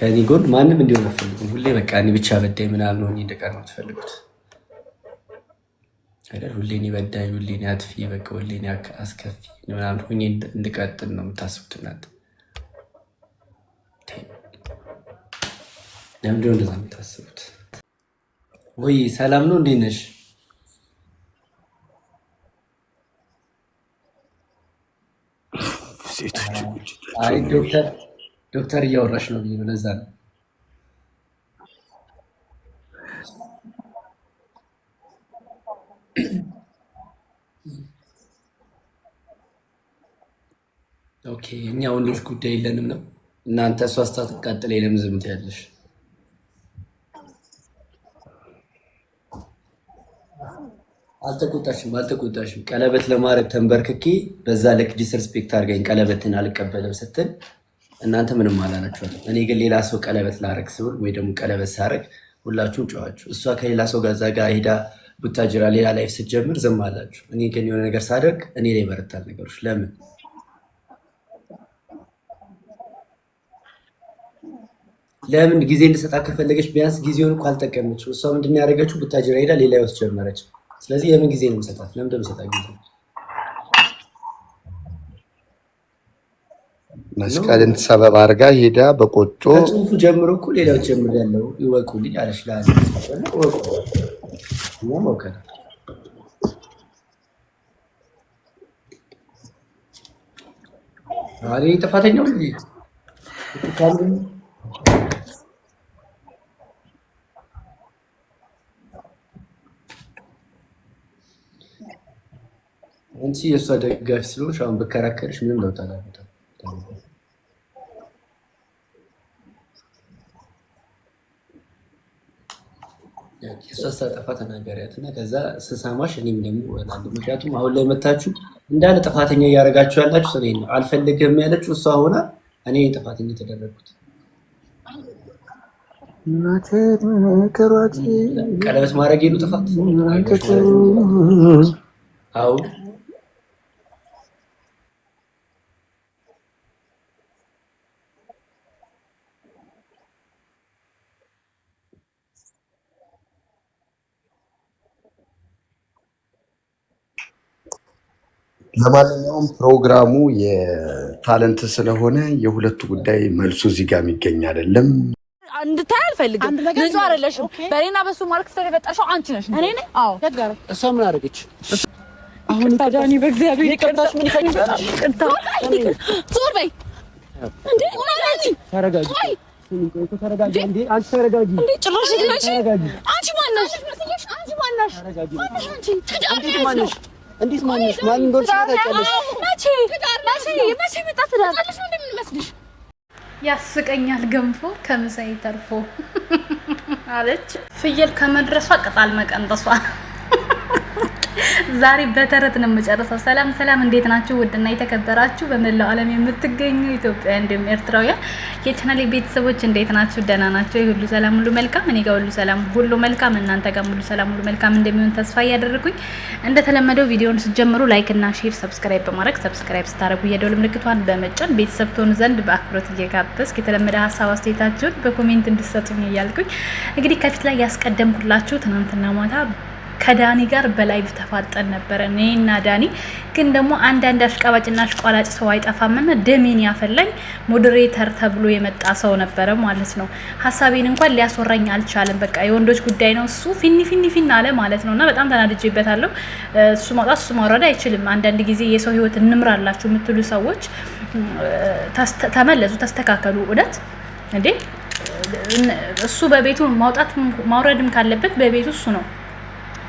ከእኔ ጎን ማንም እንዲሆን አፈልጉም። ሁሌ በቃ እኔ ብቻ በዳይ ምናምን ሆኜ እንደቀር ነው የምትፈልጉት አይደል? ሁሌ እኔ በዳይ፣ ሁሌ እኔ አጥፊ፣ በቃ ሁሌ እኔ አስከፊ ምናምን ሆኜ እንድቀጥል ነው የምታስቡት እናንተ። ለምንድነው እንደዛ የምታስቡት? ወይ ሰላም ነው፣ እንዴት ነሽ? ሴቶች ዶክተር ዶክተር እያወራሽ ነው ብዬ ለዛ ነው። ኦኬ እኛ ወንዶች ጉዳይ የለንም ነው እናንተ እሷ ስታትቃጥል የለም ዝምት ያለሽ አልተቆጣሽም፣ አልተቆጣሽም። ቀለበት ለማድረግ ተንበርክኬ በዛ ልክ ዲስርስፔክት አድርገኝ ቀለበትን አልቀበለም ስትል እናንተ ምንም አላላችኋል። እኔ ግን ሌላ ሰው ቀለበት ላረግ ስብል ወይ ደግሞ ቀለበት ሳረግ ሁላችሁም ጨዋችሁ። እሷ ከሌላ ሰው ጋዛ ጋር ሄዳ ቡታጅራ ሌላ ላይፍ ስትጀምር ዝም አላችሁ። እኔ ግን የሆነ ነገር ሳደርግ እኔ ላይ ይበረታል ነገሮች ለምን ለምን ጊዜ እንድሰጣ ከፈለገች ቢያንስ ጊዜውን እኮ አልጠቀመችው። እሷ ምንድን ያደረገችው ቡታጅራ ሄዳ ሌላ ህይወት ጀመረች። ስለዚህ የምን ጊዜ ነው የምሰጣት? ለምን ደምሰጣ ጊዜ መስቀልን ሰበብ አድርጋ ሄዳ በቆጮ ከጽሁፉ ጀምሮ እኮ ሌላው ጀምር ያለው ይወቁልኝ አለች። ጥፋተኛው አንቺ የእሷ ደጋፊ ስለሆንሽ አሁን ብከራከርሽ ምንም ለውጥ አላመጣም። ሳጠፋ ተናገሪያት እና ከዛ ስሰማሽ እኔም ደግሞ እላለሁ። ምክንያቱም አሁን ላይ መታችሁ እንዳለ ጥፋተኛ እያደረጋችሁ ያላችሁ እኔ ነው። አልፈልግም ያለችው እሷ ሆና እኔ ጥፋተኛ የተደረጉት ቀለበት ማድረግ የሉ ጥፋት አዎ ለማንኛውም ፕሮግራሙ የታለንት ስለሆነ የሁለቱ ጉዳይ መልሱ እዚህ ጋር የሚገኝ አይደለም። እንድታይ አልፈልግም። ንጹ አይደለሽም። በእኔና በሱ ማርክ ተገጣሸው አንቺ ነሽ። እኔ ነኝ። አዎ፣ እሷ ምን አደረገች? አሁን ታዳኒ በእግዚአብሔር ይቅርታሽ ምን ይፈልጋል? ዞር በይ እንዴ! ተረጋጊ አንቺ እንዴት ማንሽ ማን እንደሆነሽ ታውቂያለሽ? መቼ መቼ መጣ ትዳር እንደምንመስልሽ ያስቀኛል። ገንፎ ከምሳ ተርፎ አለች ፍየል ከመድረሷ ቅጣል መቀንጠሷ ዛሬ በተረት ነው የምጨርሰው። ሰላም ሰላም፣ እንዴት ናችሁ? ውድና የተከበራችሁ በመላው ዓለም የምትገኙ ኢትዮጵያ እንዲሁም ኤርትራውያን የቻናሌ ቤተሰቦች እንዴት ናችሁ? ደህና ናቸው? ሁሉ ሰላም፣ ሁሉ መልካም፣ እኔ ጋር ሁሉ ሰላም፣ ሁሉ መልካም፣ እናንተ ጋር ሁሉ ሰላም፣ ሁሉ መልካም እንደሚሆን ተስፋ እያደረኩኝ እንደተለመደው ቪዲዮውን ስትጀምሩ ላይክ እና ሼር፣ ሰብስክራይብ በማድረግ ሰብስክራይብ ስታደርጉ የደወል ምልክቷን በመጫን ቤተሰብ ትሆኑ ዘንድ በአክብሮት እየጋበዝኩ የተለመደ ሀሳብ አስተያየታችሁን በኮሜንት እንድትሰጡኝ እያልኩኝ እንግዲህ ከፊት ላይ ያስቀደምኩላችሁ ትናንትና ማታ ከዳኒ ጋር በላይቭ ተፋጠን ነበረ እኔ እና ዳኒ። ግን ደግሞ አንዳንድ አሽቃባጭና አሽቋላጭ ሰው አይጠፋምና ደሜን ያፈላኝ ሞዴሬተር ተብሎ የመጣ ሰው ነበረ ማለት ነው። ሀሳቤን እንኳን ሊያስወራኝ አልቻለም። በቃ የወንዶች ጉዳይ ነው እሱ ፊኒ ፊኒ ፊን አለ ማለት ነው። እና በጣም ተናድጄበታለሁ። እሱ ማውጣት እሱ ማውረድ አይችልም። አንዳንድ ጊዜ የሰው ህይወት እንምራላችሁ የምትሉ ሰዎች ተመለሱ፣ ተስተካከሉ። እውነት እንዴ እሱ በቤቱ ማውጣት ማውረድም ካለበት በቤቱ እሱ ነው።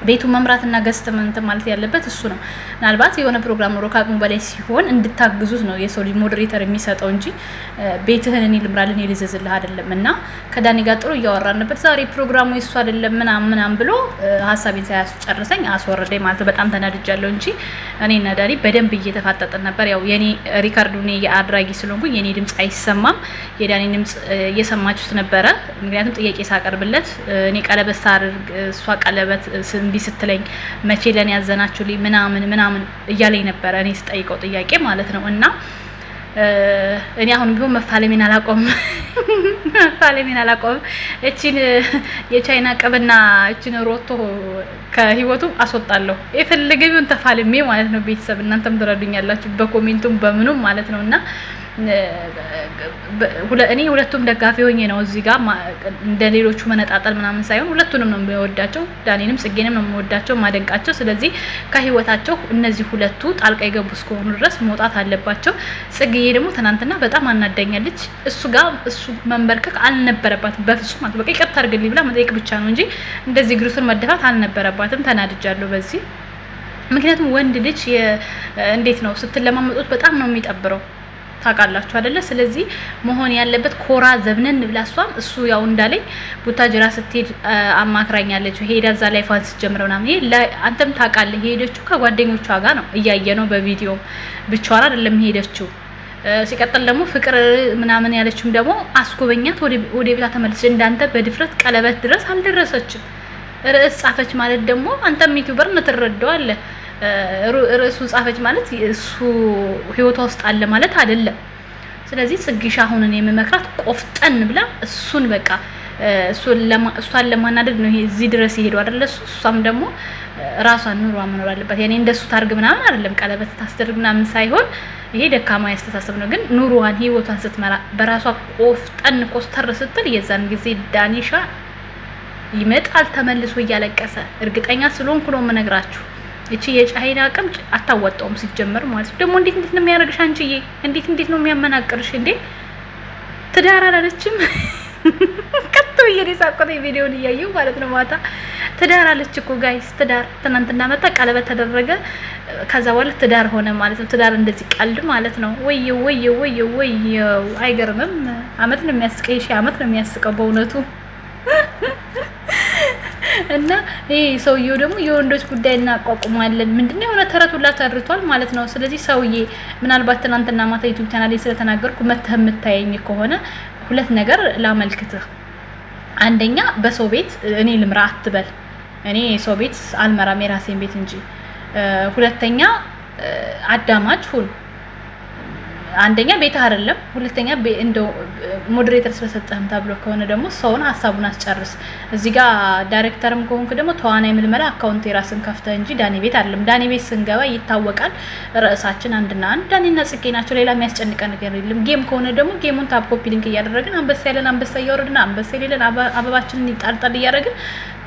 ቤቱ መምራትና ገስት መንት ማለት ያለበት እሱ ነው። ምናልባት የሆነ ፕሮግራም ኖሮ ከአቅሙ በላይ ሲሆን እንድታግዙት ነው የሰው ልጅ ሞዴሬተር የሚሰጠው እንጂ ቤትህን እኔ ልምራልን እኔ ልዘዝልህ አይደለም እና ከዳኒ ጋር ጥሩ እያወራንበት ዛሬ ፕሮግራሙ የሱ አይደለም ምናም ምናም ብሎ ሀሳቤን ሳያስጨርሰኝ አስወረደኝ ማለት ነው። በጣም ተናድጃለሁ እንጂ እኔና ዳኒ በደንብ እየተፋጠጥን ነበር። ያው የኔ ሪካርዱ እኔ የአድራጊ ስለሆንኩኝ የኔ ድምፅ አይሰማም። የዳኒ ድምፅ እየሰማችሁት ነበረ። ምክንያቱም ጥያቄ ሳቀርብለት እኔ ቀለበት ሳርግ እሷ ቀለበት እንዲ ስትለኝ መቼ ለእኔ ያዘናችሁልኝ ምናምን ምናምን እያለኝ ነበረ እኔ ስጠይቀው ጥያቄ ማለት ነው እና እኔ አሁን ቢሆን መፋለሜን አላቆም መፋለሜን አላቆም። እቺን የቻይና ቅብና እቺን ሮቶ ከህይወቱ አስወጣለሁ የፈለገ ቢሆን ተፋልሜ ማለት ነው። ቤተሰብ እናንተም ትረዱኛላችሁ በኮሜንቱም በምኑም ማለት ነው እና እኔ ሁለቱም ደጋፊ ሆኜ ነው እዚህ ጋር እንደ ሌሎቹ መነጣጠል ምናምን ሳይሆን ሁለቱንም ነው የሚወዳቸው ዳኔንም ጽጌንም ነው የምወዳቸው ማደንቃቸው። ስለዚህ ከህይወታቸው እነዚህ ሁለቱ ጣልቃ የገቡ እስከሆኑ ድረስ መውጣት አለባቸው። ጽጌዬ ደግሞ ትናንትና በጣም አናደኛለች። እሱ ጋር እሱ መንበርከክ አልነበረባትም በፍጹም። በቃ ይቅርታ አድርግልኝ ብላ መጠየቅ ብቻ ነው እንጂ እንደዚህ እግሩን መደፋት አልነበረባትም። ተናድጃለሁ በዚህ ምክንያቱም ወንድ ልጅ እንዴት ነው ስትለማመጡት በጣም ነው የሚጠብረው ታውቃላችሁ አይደለ? ስለዚህ መሆን ያለበት ኮራ ዘብነን ብላ እሷም እሱ ያው እንዳለኝ ቡታጅራ ስትሄድ አማክራኛለች። ሄዳ እዛ ላይ ፋን ስትጀምረ ምናምን ይሄ አንተም ታውቃለህ። የሄደችው ከጓደኞቿ ጋር ነው እያየ ነው በቪዲዮ ብቻዋን አይደለም ሄደችው። ሲቀጥል ደግሞ ፍቅር ምናምን ያለችውም ደግሞ አስጎበኛት ወደ ቤታ ተመለሰች። እንዳንተ በድፍረት ቀለበት ድረስ አልደረሰችም። ርዕስ ጻፈች ማለት ደግሞ አንተም ዩቲዩበር ነው ትረዳዋለህ ርዕሱን ጻፈች ማለት እሱ ህይወቷ ውስጥ አለ ማለት አይደለም። ስለዚህ ጽጌሻ አሁንን የምመክራት ቆፍጠን ብላ እሱን በቃ እሷን ለማናደድ ነው ይሄ እዚህ ድረስ ይሄዱ አይደለ? እሷም ደግሞ ራሷን ኑሯ መኖር አለባት። ያኔ እንደሱ ታርግ ምናምን አይደለም፣ ቀለበት ታስደርግ ምናምን ሳይሆን ይሄ ደካማ ያስተሳሰብ ነው። ግን ኑሯን ህይወቷን ስትመራ በራሷ ቆፍጠን ኮስተር ስትል የዛን ጊዜ ዳኒሻ ይመጣል ተመልሶ እያለቀሰ እርግጠኛ ስለሆንኩ ነው የምነግራችሁ። እቺ የቻይና አቅም አታዋጣውም ሲጀመር ማለት ነው። ደግሞ እንዴት እንዴት ነው የሚያደርግሽ አንቺዬ? እንዴት እንዴት ነው የሚያመናቅርሽ እንዴ? ትዳር አላለችም ቀጥ ብዬ ሳቆተ ቪዲዮን እያየው ማለት ነው ማታ። ትዳር አለች እኮ ጋይስ፣ ትዳር ትናንትና መጣ፣ ቀለበት ተደረገ፣ ከዛ በኋላ ትዳር ሆነ ማለት ነው። ትዳር እንደዚህ ቀልድ ማለት ነው። ወየው ወየው ወየው ወየው! አይገርምም? አመት ነው የሚያስቀይሽ፣ አመት ነው የሚያስቀው በእውነቱ። እና ይሄ ሰውዬው ደግሞ የወንዶች ጉዳይ እናቋቁማለን ምንድነው የሆነ ተረቱላ ተርቷል ማለት ነው። ስለዚህ ሰውዬ ምናልባት ትናንትና ማታ ዩቱብ ቻናል ስለተናገርኩ መተህ የምታየኝ ከሆነ ሁለት ነገር ላመልክትህ። አንደኛ በሰው ቤት እኔ ልምራ አትበል። እኔ የሰው ቤት አልመራም የራሴን ቤት እንጂ። ሁለተኛ አዳማጭ ሁን። አንደኛ ቤት አይደለም፣ ሁለተኛ እንደ ሞዴሬተር ስለሰጠህም ተብሎ ከሆነ ደግሞ ሰውን ሀሳቡን አስጨርስ። እዚህ ጋር ዳይሬክተርም ከሆንክ ደግሞ ተዋናይ ምልመላ አካውንት የራስን ከፍተህ እንጂ ዳኔ ቤት አይደለም። ዳኔ ቤት ስንገባ ይታወቃል፣ ርዕሳችን አንድና አንድ ዳኔና ጽጌ ናቸው። ሌላ የሚያስጨንቀ ነገር የለም። ጌም ከሆነ ደግሞ ጌሙን ታብ ኮፒ ሊንክ እያደረግን አንበሳ ያለን አንበሳ እያወረድን አንበሳ የሌለን አበባችንን ይጣልጣል እያደረግን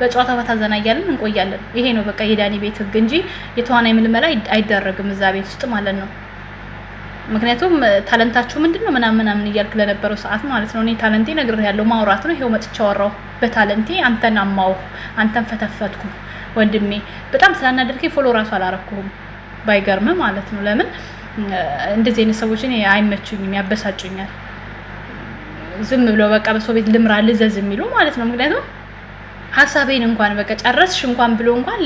በጨዋታ ፈታ እያለን እንቆያለን። ይሄ ነው በቃ የዳኔ ቤት ህግ እንጂ የተዋናይ ምልመላ አይደረግም እዛ ቤት ውስጥ ማለት ነው። ምክንያቱም ታለንታችሁ ምንድን ነው ምናምን ምናምን እያልክ ለነበረው ሰዓት ማለት ነው። እኔ ታለንቴ ነግር ያለው ማውራት ነው። ይሄው መጥቼ አወራሁ በታለንቴ አንተን አማው አንተን ፈተፈትኩ ወንድሜ። በጣም ስላናደርከ ፎሎ ራሱ አላረኩሁም ባይገርም ማለት ነው። ለምን እንደዚህ አይነት ሰዎች እኔ አይመቹኝም፣ ያበሳጩኛል። ዝም ብለው በቃ በሰው ቤት ልምራ ልዘዝ የሚሉ ማለት ነው ምክንያቱም ሀሳቤን እንኳን በቃ ጨረስሽ እንኳን ብሎ እንኳን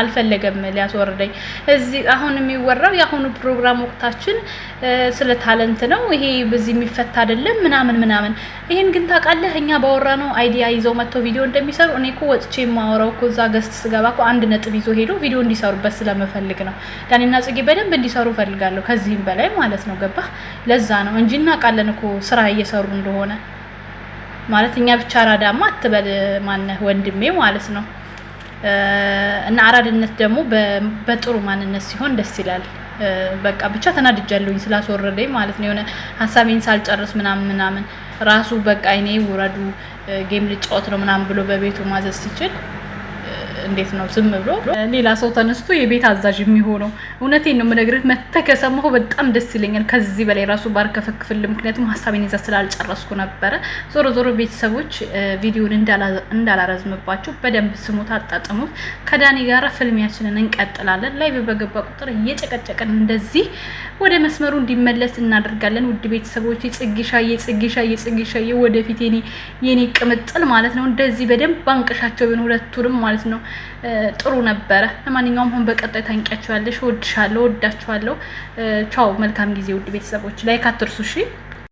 አልፈለገም ሊያስወርደኝ። እዚህ አሁን የሚወራው የአሁኑ ፕሮግራም ወቅታችን ስለ ታለንት ነው። ይሄ በዚህ የሚፈታ አይደለም ምናምን ምናምን። ይሄን ግን ታውቃለህ፣ እኛ ባወራ ነው አይዲያ ይዘው መጥተው ቪዲዮ እንደሚሰሩ እኔ እኮ ወጥቼ የማወራው እኮ እዛ ገስት ስገባ እኮ አንድ ነጥብ ይዞ ሄዶ ቪዲዮ እንዲሰሩበት ስለመፈልግ ነው። ዳኒና ጽጌ በደንብ እንዲሰሩ ፈልጋለሁ ከዚህም በላይ ማለት ነው። ገባህ? ለዛ ነው እንጂ እናውቃለን እኮ ስራ እየሰሩ እንደሆነ ማለት እኛ ብቻ አራዳማ አትበል ማነህ ወንድሜ ማለት ነው። እና አራድነት ደግሞ በጥሩ ማንነት ሲሆን ደስ ይላል። በቃ ብቻ ተናድጃለሁኝ ስላስወረደኝ ማለት ነው። የሆነ ሀሳቤን ሳልጨርስ ምናምን ምናምን ራሱ በቃ አይኔ ውረዱ ጌም ልጫወት ነው ምናምን ብሎ በቤቱ ማዘዝ ሲችል እንዴት ነው ዝም ብሎ ሌላ ሰው ተነስቶ የቤት አዛዥ የሚሆነው? እውነቴን ነው የምነግርህ። መተህ ከሰማሁ በጣም ደስ ይለኛል። ከዚህ በላይ ራሱ ባርከፈክፍል። ምክንያቱም ሀሳቤን ይዛ ስላልጨረስኩ ነበረ። ዞሮ ዞሮ ቤተሰቦች ቪዲዮን እንዳላረዝምባቸው በደንብ ስሙት፣ አጣጥሙት። ከዳኒ ጋር ፍልሚያችንን እንቀጥላለን። ላይ በገባ ቁጥር እየጨቀጨቀን እንደዚህ ወደ መስመሩ እንዲመለስ እናደርጋለን። ውድ ቤተሰቦች ጽጌሻዬ ጽጌሻዬ ጽጌሻዬ ወደፊት የኔ ቅምጥል ማለት ነው። እንደዚህ በደንብ ባንቀሻቸው ሁለቱንም ማለት ነው። ጥሩ ነበረ። ለማንኛውም ሁን በቀጣይ ታንቂያቸዋለሽ። ወድሻለሁ፣ እወዳችኋለሁ። ቻው፣ መልካም ጊዜ ውድ ቤተሰቦች። ላይክ አትርሱ እሺ።